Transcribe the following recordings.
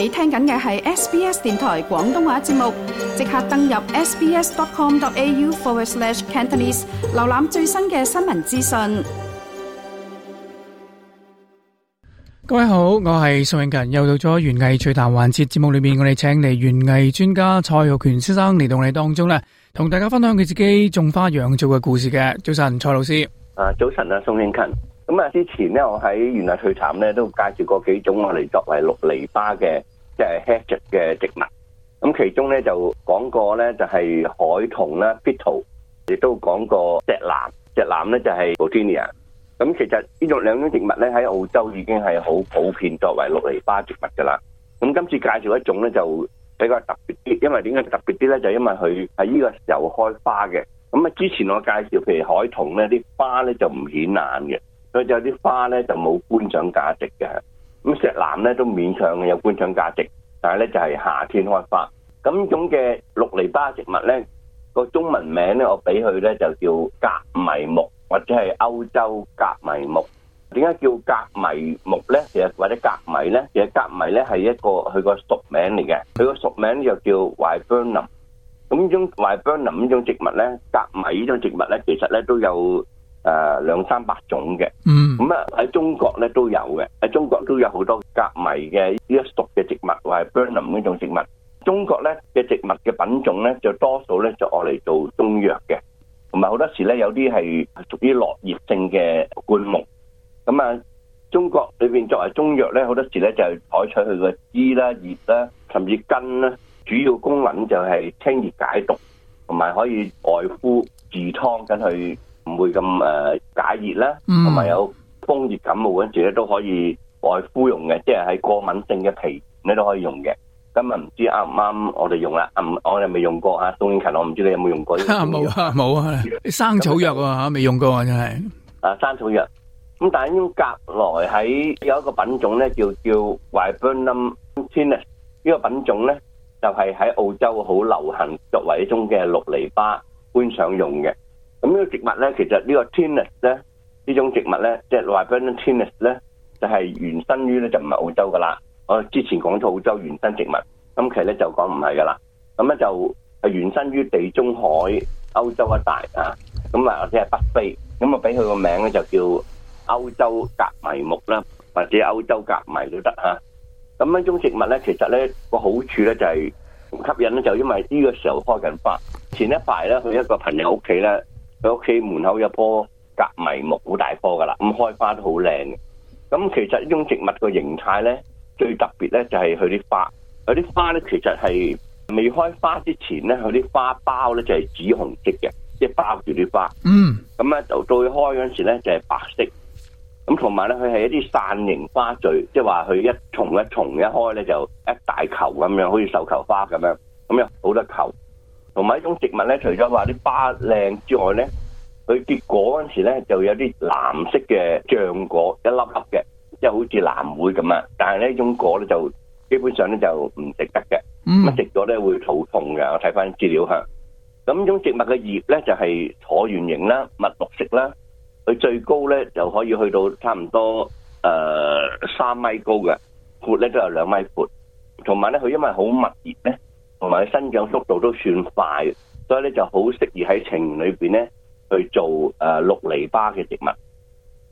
你聽緊嘅係 SBS 電台廣東話節目，即刻登入 sbs.com.au forward slash Cantonese，瀏覽最新嘅新聞資訊。各位好，我係宋永勤，又到咗園藝趣談環節節目裏面，我哋請嚟園藝專家蔡浩權先生嚟到我哋當中咧，同大家分享佢自己種花養草嘅故事嘅。早晨，蔡老師。啊，早晨啊，宋永勤。咁啊，之前咧我喺園藝趣談咧都介紹過幾種我哋作為綠籬花嘅。即係 hedge 嘅植物，咁其中咧就講過咧就係、是、海桐啦 Pitto 亦都講過石楠，石楠咧就係、是、Photinia 咁其實呢種兩種植物咧喺澳洲已經係好普遍作為綠籬花植物噶啦。咁今次介紹一種咧就比較特別啲，因為點解特別啲咧？就因為佢喺呢個時候開花嘅。咁啊，之前我介紹譬如海桐咧啲花咧就唔顯眼嘅，所以就有啲花咧就冇觀賞價值嘅。咁石楠咧都勉強有觀賞價值，但係咧就係夏天開花。咁種嘅綠籬笆植物咧，個中文名咧，我俾佢咧就叫莢迷木，或者係歐洲莢迷木。點解叫莢迷木咧？其實或者莢迷咧，其實莢迷咧係一個佢個屬名嚟嘅。佢個屬名就叫 Viburnum。咁種 Viburnum 呢種植物咧，莢迷呢種植物咧，其實咧都有。誒，兩、uh, 三百種嘅，咁啊喺中國咧都有嘅，喺中國都有好多莢迷嘅呢一屬嘅植物，或係 berlin 呢、um、種植物。中國咧嘅植物嘅品種咧，就多數咧就愛嚟做中藥嘅，同埋好多時咧有啲係屬於落葉性嘅灌木。咁、嗯、啊，中國裏邊作為中藥咧，好多時咧就採取佢嘅枝啦、葉啦、啊，甚至根啦、啊，主要功能就係清熱解毒，同埋可以外敷治瘡跟去。唔會咁誒、呃、解熱啦，同埋、嗯、有風熱感冒嗰陣時咧都可以外敷用嘅，即係喺過敏性嘅皮你都可以用嘅。今日唔知啱唔啱我哋用啦，啊我哋未用過啊。宋英勤，我唔知你有冇用過。啊冇過啊冇啊,啊,啊,啊，生草藥啊未用過真係。啊、嗯，生草藥。咁但係呢種莢迷喺有一個品種咧，叫叫 Viburnum tinus 啊。呢個品種咧就係、是、喺澳洲好流行作為一種嘅綠籬笆觀賞用嘅。咁呢個植物咧，其實呢個 Tinus 咧，呢種植物咧，即係 Laurustinus 咧，就係、是就是、原生於咧就唔係澳洲噶啦。我之前講到澳洲原生植物，咁其實咧就講唔係噶啦。咁咧就原生於地中海歐洲一帶啊。咁啊，或者係北非。咁啊，俾佢個名咧就叫歐洲莢迷木啦，或者歐洲莢迷都得嚇。咁呢種植物咧，其實咧個好處咧就係、是、吸引咧，就因為呢個時候開緊花。前一排咧，去一個朋友屋企咧。佢屋企門口一棵莢迷木好大棵噶啦，咁開花都好靚嘅。咁其實呢種植物個形態咧，最特別咧就係佢啲花，佢啲花咧其實係未開花之前咧，佢啲花苞咧就係紫紅色嘅，即係包住啲花。嗯，咁咧就到開嗰陣時咧就係白色。咁同埋咧，佢係一啲散形花序，即係話佢一重一重一開咧就一大球咁樣，好似繡球花咁樣，咁樣好多球。同埋一種植物咧，除咗話啲花靚之外咧，佢結果嗰陣時咧，就有啲藍色嘅漿果，一粒粒嘅，即係好似藍莓咁啊！但係呢種果咧就基本上咧就唔食得嘅，咁食咗咧會肚痛嘅。我睇翻資料吓，咁種植物嘅葉咧就係橢圓形啦，密綠色啦，佢最高咧就可以去到差唔多誒三米高嘅，闊咧都有兩米闊，同埋咧佢因為好密葉咧。同埋生長速度都算快，所以咧就好適宜喺庭院裏邊咧去做誒綠籬笆嘅植物。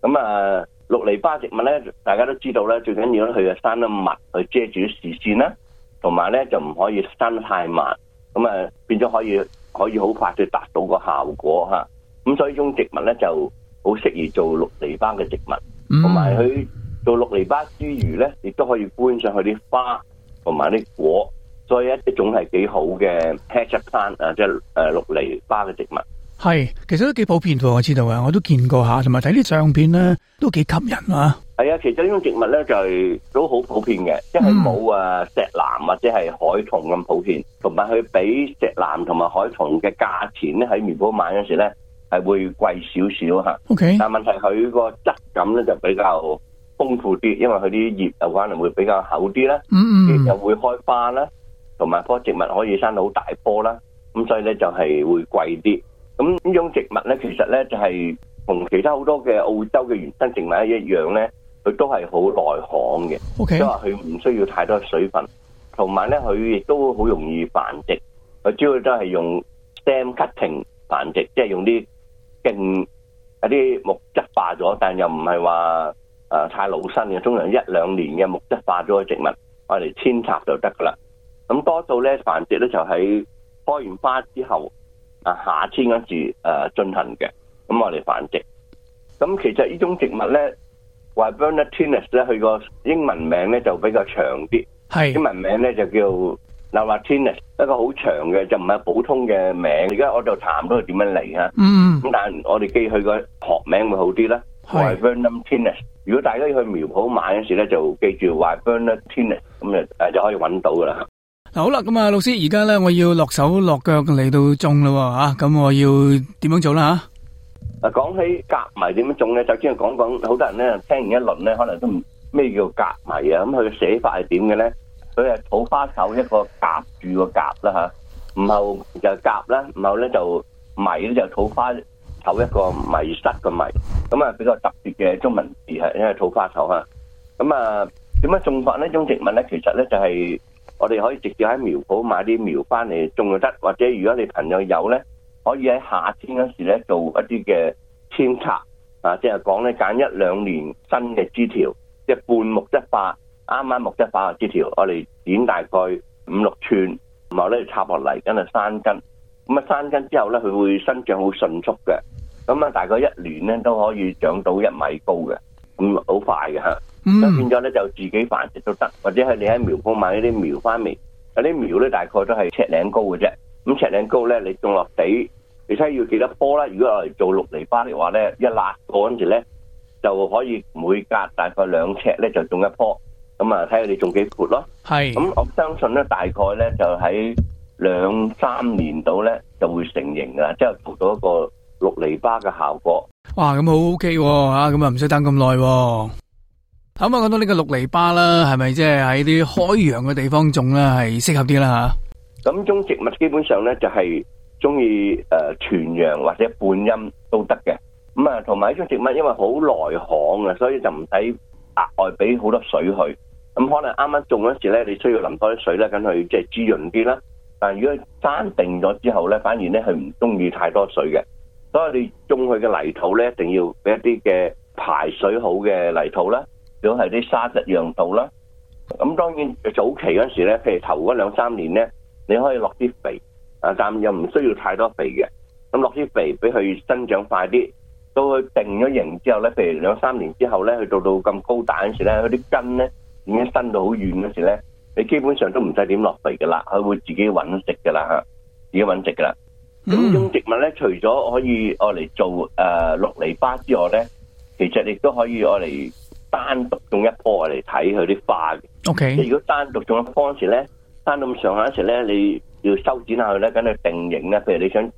咁、嗯、啊，綠籬笆植物咧，大家都知道咧，最緊要咧佢啊生得密，佢遮住啲視線啦，同埋咧就唔可以生得太慢，咁、嗯、啊、呃、變咗可以可以好快去達到個效果吓。咁所以呢種植物咧就好適宜做綠籬笆嘅植物，同埋佢做綠籬笆之餘咧，亦都可以搬上去啲花同埋啲果。所以一啲種係幾好嘅 hedging plant 啊，即係誒綠籬巴嘅植物係，其實都幾普遍嘅，我知道嘅，我都見過吓，同埋睇啲相片咧都幾吸引啊。係啊，其實呢種植物咧就係、是、都好普遍嘅，即係冇啊石楠或者係海桐咁普遍。同埋佢比石楠同埋海桐嘅價錢咧喺苗圃買嗰時咧係會貴少少吓。OK，但係問題佢個質感咧就比較豐富啲，因為佢啲葉就可能會比較厚啲啦，嗯嗯，又會開花啦。同埋棵植物可以生到好大棵啦，咁所以咧就係會貴啲。咁呢種植物咧，其實咧就係同其他好多嘅澳洲嘅原生植物一樣咧，佢都係好耐旱嘅，OK，即係話佢唔需要太多水分。同埋咧，佢亦都好容易繁殖，佢主要都係用 stem cutting 繁殖，即係用啲莖一啲木質化咗，但又唔係話誒太老身嘅，通常一兩年嘅木質化咗嘅植物，我哋扦插就得噶啦。咁多數咧繁殖咧就喺開完花之後，啊夏天嗰陣時進、呃、行嘅，咁、嗯、我哋繁殖。咁、嗯、其實呢種植物咧，Viburnum tinus 咧佢個英文名咧就比較長啲，是英文名咧就叫 Laurustinus，一個好長嘅就唔係普通嘅名。而家我就查唔到佢點樣嚟啊，咁、嗯、但係我哋記佢個學名會好啲啦。 Viburnum tinus，是如果大家要去苗圃買嗰陣時咧，就記住 Viburnum tinus，咁就、呃、就可以揾到噶啦。好啦，咁啊，老師，而家咧我要落手落腳嚟到種咯，吓、啊，咁我要點樣做啦？吓，講起莢迷點樣種咧，就先係講講，好多人咧聽完一輪咧，可能都唔咩叫莢迷、嗯、他他甲甲啊？咁佢寫法係點嘅咧？佢係草花頭一個夾住個夾啦，吓，唔後就夾啦，唔後咧就迷咧就草花頭一個迷失個迷，咁、嗯、啊、嗯、比較特別嘅中文字係因為草花頭啊，咁、嗯、啊點樣種法呢種植物咧？其實咧就係、是。我哋可以直接喺苗圃買啲苗翻嚟種就得，或者如果你朋友有咧，可以喺夏天嗰時咧做一啲嘅扦插啊，即係講咧揀一兩年新嘅枝條，即係半木質化，啱啱木質化嘅枝條，我哋剪大概五六寸，然後咧插落嚟跟住生根。咁啊生根之後咧，佢會生長好迅速嘅。咁啊大概一年咧都可以長到一米高嘅，咁好快嘅嚇。咁、嗯、變咗咧，就自己繁殖都得，或者係你喺苗圃買啲苗翻嚟，嗰啲苗咧大概都係尺零高嘅啫。咁尺零高咧，你種落地，你睇要幾多棵啦？如果我嚟做綠籬笆嘅話咧，一落個嗰時咧，就可以每隔大概兩尺咧就種一棵。咁啊，睇下你種幾闊咯。咁是我相信咧，大概咧就喺兩三年到咧就會成型噶啦，即、就、係、是、做到一個綠籬笆嘅效果。哇！咁好 OK 喎、哦，咁啊，唔使等咁耐、哦。咁我講到呢個六厘巴啦，係咪即係喺啲開陽嘅地方種啦？係適合啲啦吓？咁種植物基本上咧就係中意誒全陽或者半陰都得嘅。咁啊，同埋呢種植物因為好耐旱啊，所以就唔使額外俾好多水去。咁可能啱啱種嗰時咧，你需要淋多啲水咧，咁去即係滋潤啲啦。但係如果佢生定咗之後咧，反而咧係唔中意太多水嘅，所以你種佢嘅泥土咧，一定要俾一啲嘅排水好嘅泥土啦。如果係啲沙質樣度啦，咁當然早期嗰時咧，譬如頭嗰兩三年咧，你可以落啲肥，啊，但又唔需要太多肥嘅。咁落啲肥俾佢生長快啲，到佢定咗型之後咧，譬如兩三年之後咧，去到到咁高大嗰時咧，佢啲根咧已經伸到好遠嗰時咧，你基本上都唔使點落肥噶啦，佢會自己揾食噶啦吓，自己揾食噶啦。咁、mm. 種植物咧，除咗可以攞嚟做誒綠籬笆之外咧，其實亦都可以攞嚟。單獨種一棵嚟睇佢啲花嘅。O K。如果單獨種，一棵時咧，生到咁上下時咧，你要修剪下去咧，跟佢定型咧。譬如你想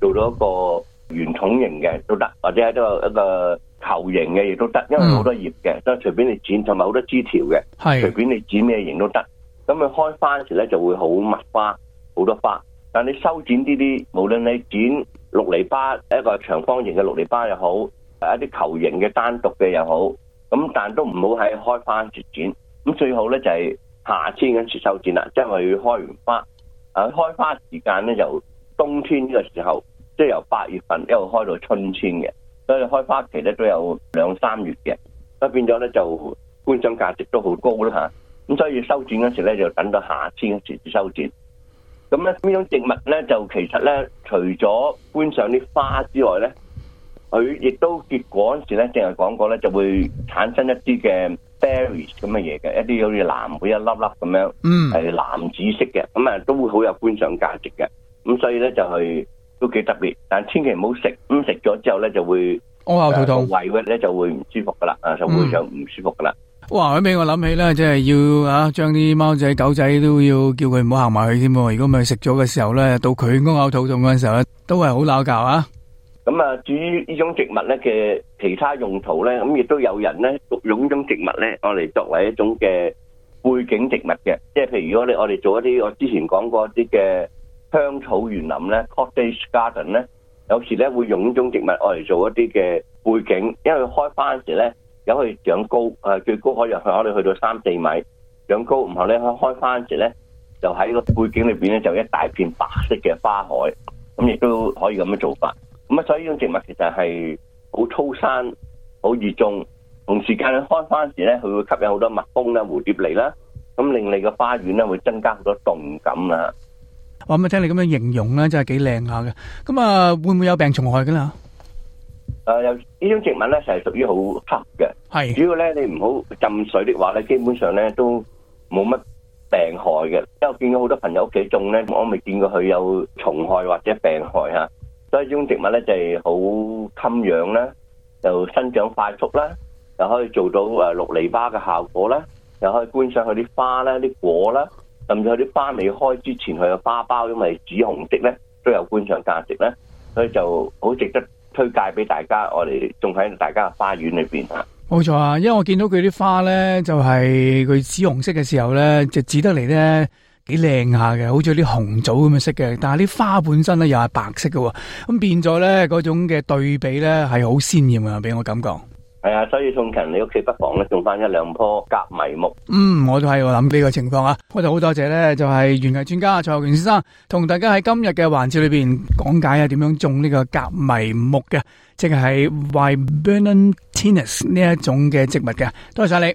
做到一個圓筒形嘅都得，或者一個一個球形嘅亦都得，因為好多葉嘅，所以、mm. 隨便你剪同埋好多枝條嘅，隨便你剪咩形都得。咁佢是開花時咧就會好密花，好多花。但你修剪呢啲，無論你剪綠籬笆一個長方形嘅綠籬笆又好，啊一啲球形嘅單獨嘅又好。咁但都唔好喺開花時剪。咁最好咧就係夏天嗰時修剪啦，即係佢開完花，啊開花時間咧由冬天呢個時候，即係由八月份一路開到春天嘅，所以開花期咧都有兩三月嘅，咁變咗咧就觀賞價值都好高啦吓，咁所以修剪嗰時咧就等到夏天嗰時修剪，咁咧呢種植物咧就其實咧除咗觀賞啲花之外咧。佢亦都結果嗰時咧，淨係講過咧，就會產生一啲嘅 berries 咁嘅嘢嘅，一啲好似藍莓一粒粒咁樣，係、嗯、藍紫色嘅，咁啊都會好有觀賞價值嘅。咁所以咧就係、是、都幾特別，但千祈唔好食。咁食咗之後咧就會屙嘔肚痛，胃胃咧就會唔舒服噶啦，啊就會就唔舒服噶啦。哇！佢俾我諗起咧，即、就、係、是、要啊將啲貓仔狗仔都要叫佢唔好行埋去添。如果咪食咗嘅時候咧，到佢屙嘔肚痛嗰陣時候咧，都係好鬧交啊！咁啊，至於呢種植物咧嘅其他用途咧，咁亦都有人咧用呢種植物咧，我嚟作為一種嘅背景植物嘅。即係譬如，如果你我哋做一啲我之前講過一啲嘅香草園林咧 （cottage garden） 咧，有時咧會用呢種植物我嚟做一啲嘅背景，因為開花時咧，有可以長高，誒，最高可以去，可以去到三四米長高，然後咧開開花時咧，就喺個背景裏面咧，就一大片白色嘅花海，咁亦都可以咁樣做法。咁啊，所以呢種植物其實係好粗生，好易種。同時間佢開花時咧，佢會吸引好多蜜蜂啦、蝴蝶嚟啦，咁令你個花園咧會增加好多動感啊。我咪、哦、聽你咁樣形容咧，真係幾靚下嘅。咁、嗯、啊，會唔會有病蟲害噶啦？啊、呃，有呢種植物咧，就係屬於好黑嘅。係是，主要咧你唔好浸水的話咧，基本上咧都冇乜病害嘅。因為我見咗好多朋友屋企種咧，我未見過佢有蟲害或者病害啊。所以種植物咧就係好襟養啦，又生長快速啦，又可以做到誒綠籬笆嘅效果啦，又可以觀賞佢啲花啦、啲果啦，甚至佢啲花未開之前佢嘅花苞因為紫紅色咧都有觀賞價值咧，所以就好值得推介俾大家，我哋仲喺大家嘅花園裏邊啊。冇錯啊，因為我見到佢啲花咧就係、是、佢紫紅色嘅時候咧就紫得嚟咧。幾靚下嘅，好似啲紅棗咁樣色嘅，但係啲花本身咧又係白色嘅，咁變咗咧嗰種嘅對比咧係好鮮艷嘅俾我感覺。係啊，所以宋勤，你屋企不妨咧種翻一兩棵莢迷木。嗯，我都係諗呢個情況啊。我就好多謝咧，就係園藝專家蔡浩權先生同大家喺今日嘅環節裏邊講解下點樣種呢個莢迷木嘅，即係 Viburnum tinus 呢一種嘅植物嘅。多謝晒你。